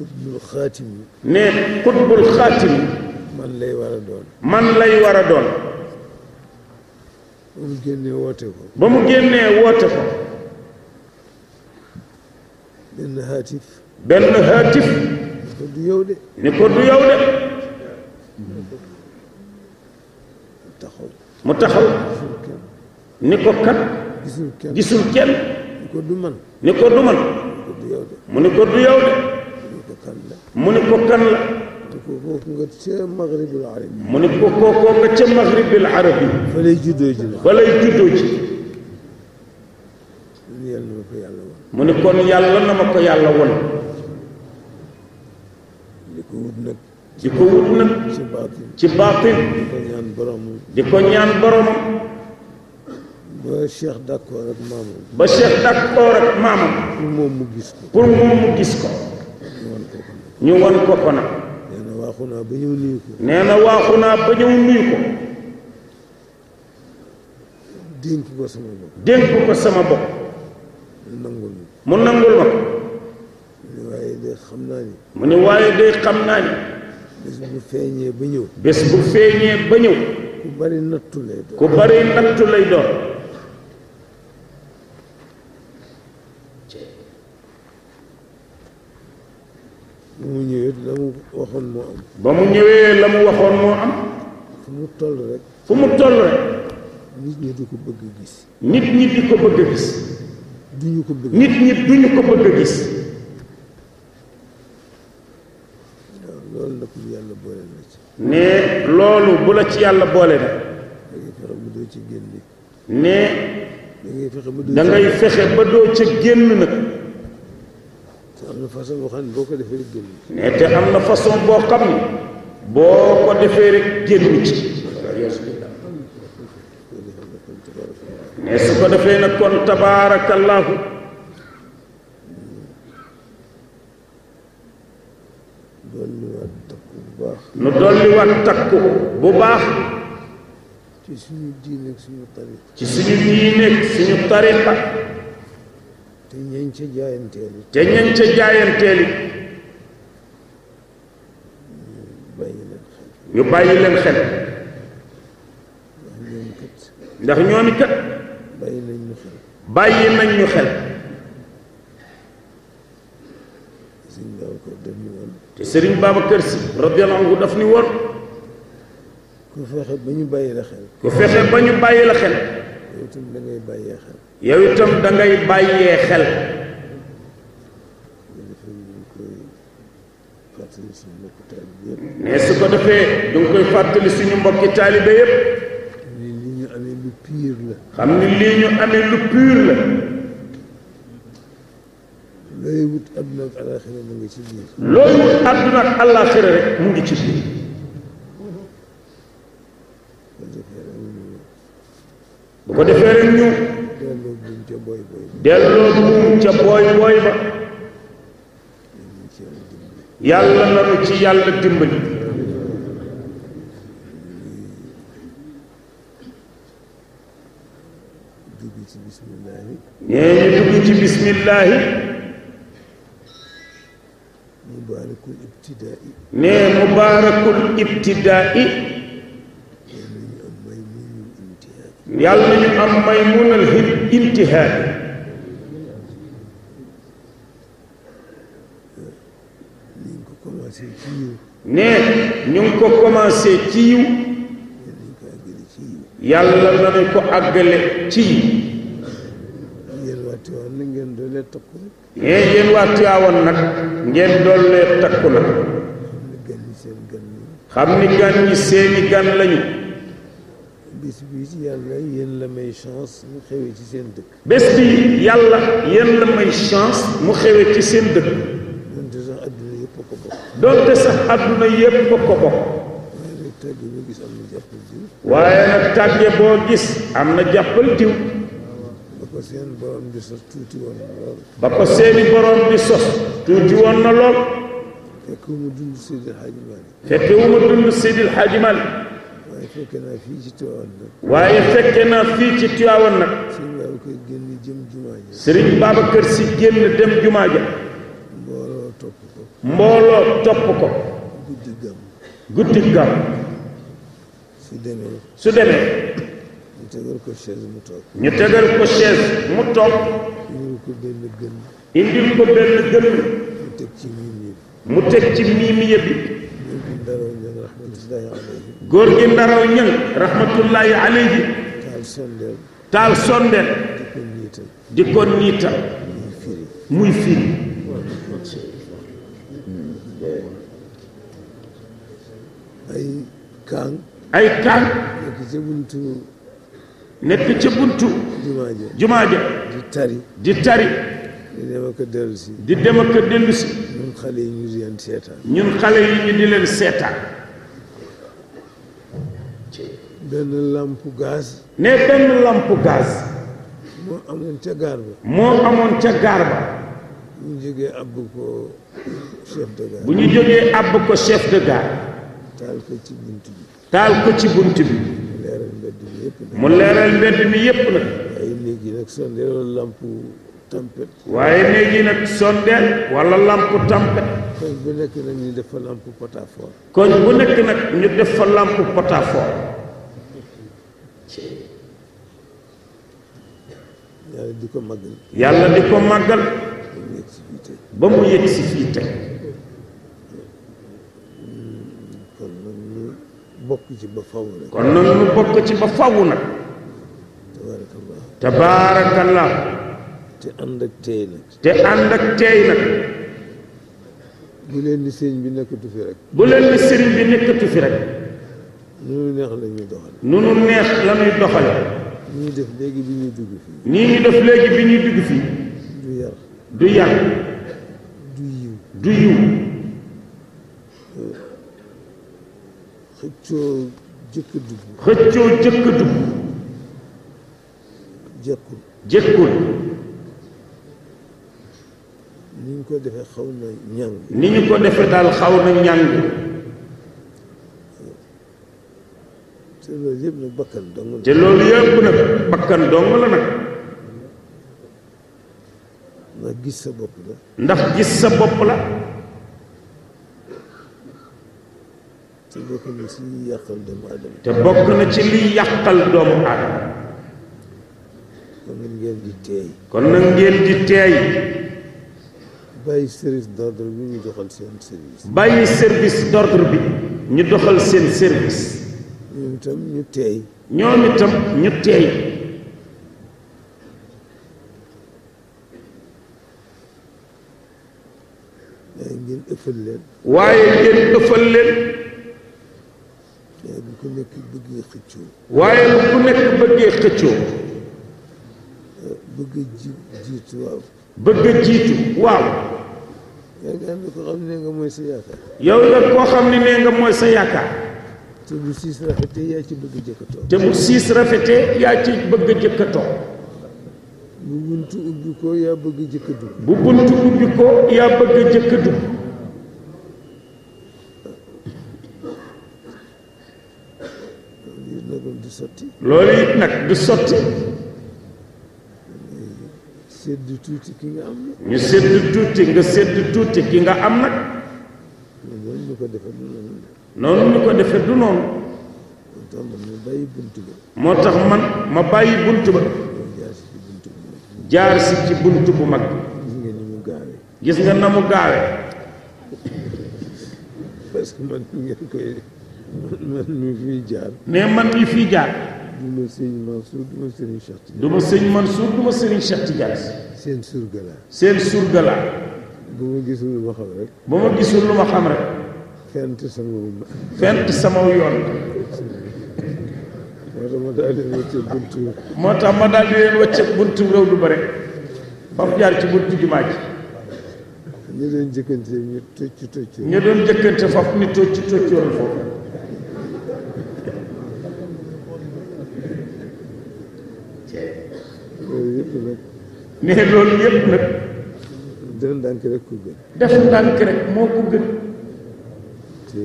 xutbul xaatim. nee xutbul xaatim. man lay war a doon. man lay war a doon. ba mu génnee woote ko. ba mu génnee woote ko. benn haatif. benn haatif. ni ko du yow de. ni ko du yow de. mu taxaw. mu taxaw. ni ko kat. gisul kenn gisul kenn. ni ko du ni ko du mu ni ko du de. kan la. mu ne ko kan la. mu ne ko kooku nga ca maghribul arab. mu ne ko kooku nga ca maghribul arab. fa lay juddoo ji la. fa lay juddoo ji. mu ne kon yàlla na ma ko yàlla won. li ko wut nag. di ko wut nag. ci baatin ci baatin. di ko ñaan boromam. di ko ñaan boromam. ba Cheikh d'accord ak maamam. ba Cheikh d'accord ak maamam. pour moom mu gis ko. pour moom mu gis ko. ñu won ko ko nag nee na waaxu naa ba ñëw nuyu ko nee na waaxu naa ba ñëw nuyu ko dénk ko sama bopp dénk ko sama bopp mu nangul ma mu nangul ma mu ne waaye day xam naa ni mu ne waaye day xam naa ni bés bu feeñee ba ñëw bés bu feeñee ba ñëw ku bari nattu lay doon ba mu ñëwee la mu waxoon moo am. ba mu ñëwee la mu waxoon moo am. fu mu toll rek. fu mu toll rek. nit ñi di ko bëgg a gis. nit ñi ko du ko bëgg nit ñi du a gis. waaw loolu nag bu yàlla boole ci. ne loolu bu la ci yàlla boole na. ne. da fexe ba doo ci génn nag. na façon boo xam ne boo ko defee boo xam ne boo ko defee rek génn ci. takku bu baax. nu dolliwaat takku bu baax. ci suñu diineeg suñu tariqa. ci tariqa. te ñeñ ca jaayanteeli te ñeñ ca yi ñu bàyyi leen xel ndax ñoomi kat bàyyi nañ ñu xel bàyyi nañ ñu xel te sëriñ Babacar Si radiyallahu anhu daf ni woon ku fexe ba ñu bàyyi la xel ku fexe ba ñu bàyyi la xel yow itam da ngay bàyyee xel. yow itam da bàyyee xel. ne su ko defee du koy fàttali suñu mbokki taalibe yépp xam ni lii ñu amee lu pur la. looy wut àdduna ak àllaaxira ci biir. looy wut àdduna ak rek mu ngi ci biir. bu ko defee rek ñu delloo buum ca booy booy ba yàlla nanu ci yàlla dimbali nee ñu dugg ci bismillaahi mubaarakul ibtidaai yàlla nañu am maymunal intihaadi ne ñu ngi ko commencé ci yiw yàlla nañu ko àggale ci yiw ne yéen waa Tiwaawan nag ngeen dollee takku nag xam ni gan ñi seeni gan lañu bis bi yàlla yéen la may chance mu xewee ci seen dëkk. bés bi yàlla yéen la may chance mu xewee ci seen dëkk. donte sax àdduna yëpp a ko bokk. donte sax àdduna yëpp a ko bokk. seen borom di sos tuuti woon na lool. ba ko seeni borom na lool. fekk wu ma dund Seydil Hadji Malick. fekk wu ma dund Seydil Hadji waaye fekke naa fii ci Tiwaawan nag. waaye fekke naa génn jëm jumaa ja. Serigne Babacar si génn dem jumaa ja. mbooloo topp ko. mbooloo topp ko. guddi gam. guddi gam. su demee. su demee. ñu tegal ko chaise mu toog. ñu tegal ko chaise mu toog. indil ko benn gën. indil ko benn gën. mu teg ci miimiye bi. mu teg ci miimiye bi. góor gi ndaraw ñëng taal sondeel di ko niital muy firi ay kaang ay kaang nekk ca buntu nekk ca buntu jumaa ja di tari di tari di dem ak a si. di dem dellu si. ñun xale yi ñu di leen seetaan. ñun xale yi ñu di leen seetaan. benn lampe gaz. ne benn lampe gaz. moo amoon ca gaar ba. moo amoon ca gaar jógee àbb ko chef de gare. bu ñu jógee àbb ko chef de gare. taal ko ci bunt bi. taal ko ci bunt bi. mu leeral mbedd mi yépp nag. mu leeral mbedd mi yépp nag. waaye léegi nag sonde loolu lampe. tampet waaye léegi nag sondeel wala lampe tampet koñ bu nekk nag ñu def fa lampe potafort koñ bu nekk nag ñu def fa lampe potafort ko màggal yàlla di ko màggal ba mu yëg si fii tey kon nag ñu bokk ci ba faw nag kon nag ñu bokk ci ba faw nag tabaarakallah te ànd ak tey nag. te ànd ak tey nag. bu leen ni sëriñ bi nekkatu fi rek. bu leen ni sëriñ bi nekkatu fi rek. nu nu neex la ñuy doxale. nu nu neex la ñuy doxale. ñu def léegi bi ñuy dugg fii. nii ñu def léegi bi ñuy dugg fii. du yar. du yar. du yiw. du yiw. xëccoo jëkk dugg. xëccoo jëkk ko defee xaw na ni ñu ko defee daal xaw na ñàng te loolu yëpp nag bakkan dong la nag bakkan gis sa bopp la ndax gis sa bopp la te bokk na ci liy yàqal doomu aadama te na ngeen di teey kon nag ngeen di teey bàyyi service d'ordre bi ñu doxal seen service. bàyyi service d'ordre bi ñu doxal seen service. ñoom itam ñu teey. ñoom itam ñu teey. waaye ngeen ëffal leen. waaye ngeen ëffal leen. waaye bu ku nekk bëggee xëccoo. waaye bu ku nekk bëggee xëccoo. bëgg ji jiitu waaw. bëgg a jiitu waaw. yow nag koo xam ne nee nga mooy sa yaakaar. yow nag koo xam ne nee nga mooy sa yaakaar. te bu siis rafetee yaa ci bëgg jëkk a toog. te bu siis rafetee yaa ci bëgg jëkk a toog. bu buntu ubbi ko yaa bëgg jëkk a dugg. bu buntu ubbi ko yaa bëgg jëkk a dugg. loolu it nag du sotti. loolu it nag du sotti. sedd tuuti ki nga am nag. ñu sedd tuuti nga sedd tuuti ki nga am nag. noonu ñu ko defee du noonu. noonu ñu ko defee du noonu. moo tax man ma bàyyi bunt ba. jaar si ci bunt bu mag. gis nga ni mu gaawee. gis nga na mu gaawee. parce que man mi ngeen koy man mi fiy jaar. mais man mi fiy jaar. du ma sëñ Mansour du ma sëriñ Cheikh sëñ Mansour du seen surga la. seen surga la. bu ma gisul lu ma xam rek. bu ma gisul lu fent sama fent sama yoon. moo tax ma daal di leen wëcce buntu. moo tax ma daal di leen wëcce bare. ba mu ci buntu jumaa ji. ñu doon jëkkante ñu tocc tocc. ñu doon jëkkante foofu ni tocc toccoon foofu. ne loolu yëpp nag. ku gën. def ndànk moo ko gën. te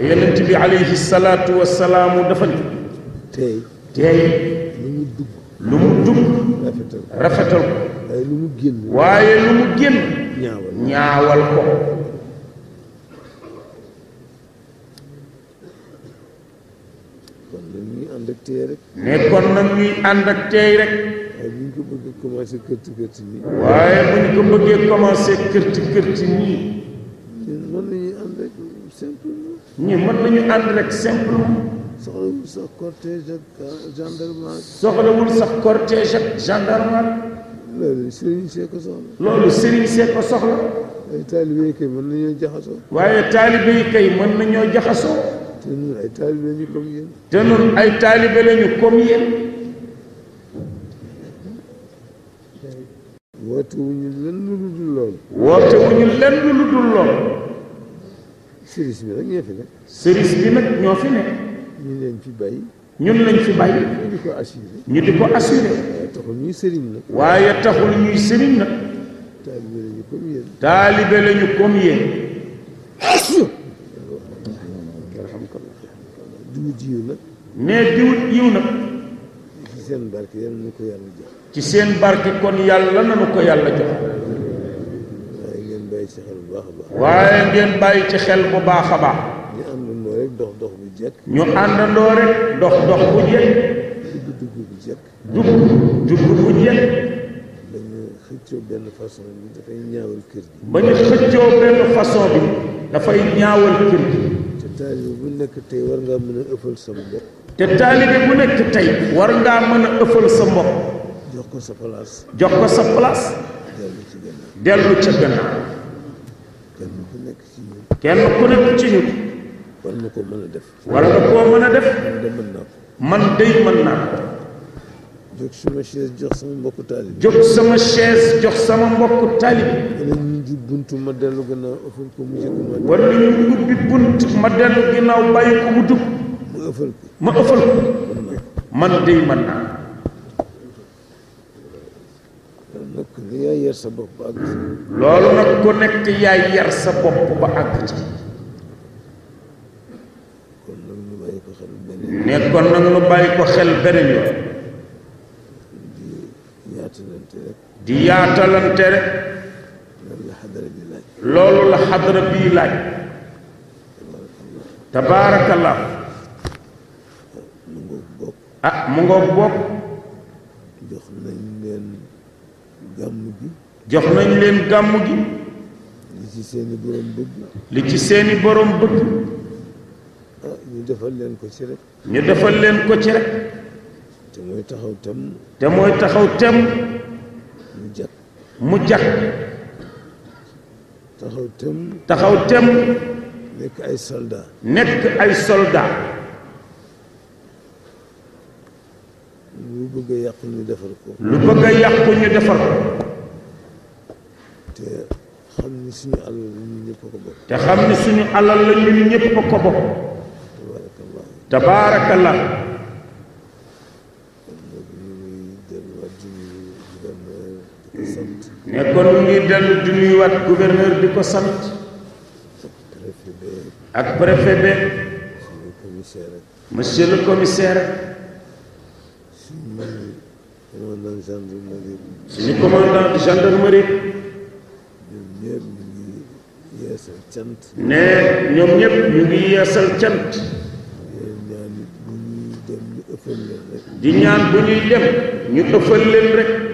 yonent bi alayhi salaatu wa salaam. tey. tey. lu mu lu mu dugg. rafetal ko ko. waaye lu mu waaye lu mu génn. ñaawal ko. téye rek. nekkoon nag ñuy ànd ak teey rek. waaye bu ñu ko bëggee commencé kërti kërti nii. waaye bu ñu ko bëggee commencé kërti kërti nii. mën nañu ànd rek simplement. ñun mën nañu ànd rek simplement. soxlawul sax cortège ak gendarmerie. soxlawul sax cortège ak gendarmerie. loolu Serigne see ko soxla. loolu Serigne see ko soxla. waaye taalibe yi kay mën nañoo jaxasoo. waaye taalibe kay mën nañoo jaxasoo. te ñun ay taalibe lañu comme yéen. te ñun ay taalibe lañu comme yéen. woote wu ñu lu lu dul lool. bi nag ñoo fi nekk. service bi nag ñoo fi nekk. ñu leen fi bàyyi. ñun lañ fi bàyyi. ñu di ko assuré. ñu di ko waaye taxul ñuy sëriñ nag. waaye taxul ñuy sëriñ nag. taalibe lañu comme yéen. taalibe lañu comme yéen. jiw nag. nee jiw jiw ci seen barke yàlla na ko yàlla jox. ci seen barke kon yàlla na ko yàlla jox. waaye ngeen bàyyi ci xel bu baax a baax. waaye ngeen bàyyi ci xel bu baax a baax. ñu àndandoo rek dox dox bu jekk. ñu àndandoo rek dox dox bu jekk. benn façon dafay ñaawal kër gi. ba ñu xëccoo benn façon bi dafay ñaawal kër gi. taalibe bu nekk tey war ngaa mën a ëffal sa mbokk te taalibe bu nekk tey war ngaa mën a ëffal sa mbokk jox ko sa place jox ko sa place dellu ci gannaaw dellu ca gannaaw kenn ku nekk ci ñun kenn ku nekk ci ñun war na koo mën a def war na koo mën a def man de mën naa ko jóg sama chaise jox sama mbokku taalib. jóg sama chaise jox sama mbokku taalib. wala ñu ngi buntu ma dellu gannaaw ëffal ko mu jëkk ma. wala ñu ubbi bunt ma dellu gannaaw bàyyi ko mu dugg. ma ëffal ko ma ëffal ko. man dey man naa. nag yaay yar sa bopp ba àgg ci. loolu nag ku nekk yaay yar sa bopp ba àgg ci. kon nag ñu bàyyi ko xel beneen yoon. ne kon nag ñu bàyyi ko xel beneen yoon. di yaatalante rek loolu la xadra bii laaj tabaarakallah ah mu ngoog bopp jox nañ leen gàmm gi jox nañ leen gàmm gi li ci seeni borom bëgg li ci seeni borom bëgg ñu defal leen ko ci rek ñu defal leen ko ci rek te mooy taxaw tem te mooy taxaw tem mujjat mujjat taxaw tem taxaw tem nekk ay soldat nekk ay soldat lu bëgg a yàqu ñu defar ko lu bëgg a yàqu ñu defar ko te xam ni suñu alal la ñu ñëpp ko bokk te xam ni suñu alal la ñu ñëpp ko bokk tabaarakallah ne kon mu ngi dellu di nuyuwaat gouverneur di ko sant ak préfet be monsieur le commissaire suñu commandant gendarmerie ne ñoom ñëpp ñu ngi yeesal cant di ñaan bu ñuy dem ñu ëffal leen rek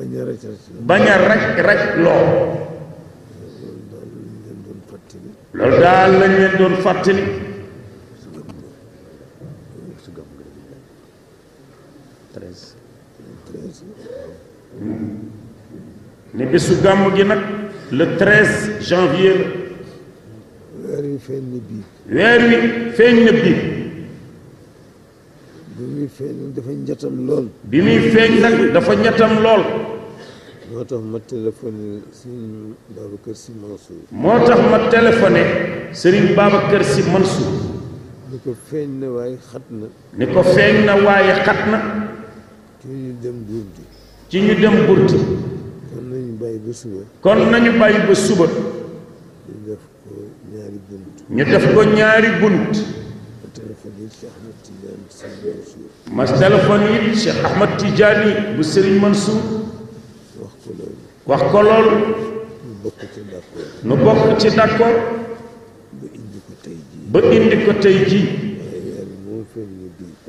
bañ a raj raj bañ daal lañ leen doon fàttali ne bésu gàmm gi nag le 13 janvier weer wi feeñ na bii muy feeñ nag dafa ñettam lool. moo tax ma téléphoné Serigne Babacar Sy Mansour. moo tax ma téléphoné ni ko feeñ na waaye xat na. ni ko feeñ na waaye xat na. ci ñu dem burti. ci ñu dem burti. ba ñu def ko ñaari bunt. ñu def ko ñaari bunt. ma téléphone it Cheikh Ahmad Tidiane bu Serigne Mansour wax ko loolu nu bokk ci d'accord ba indi ko tey ji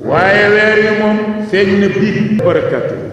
waaye weer yi moom feeñ na biig barakatu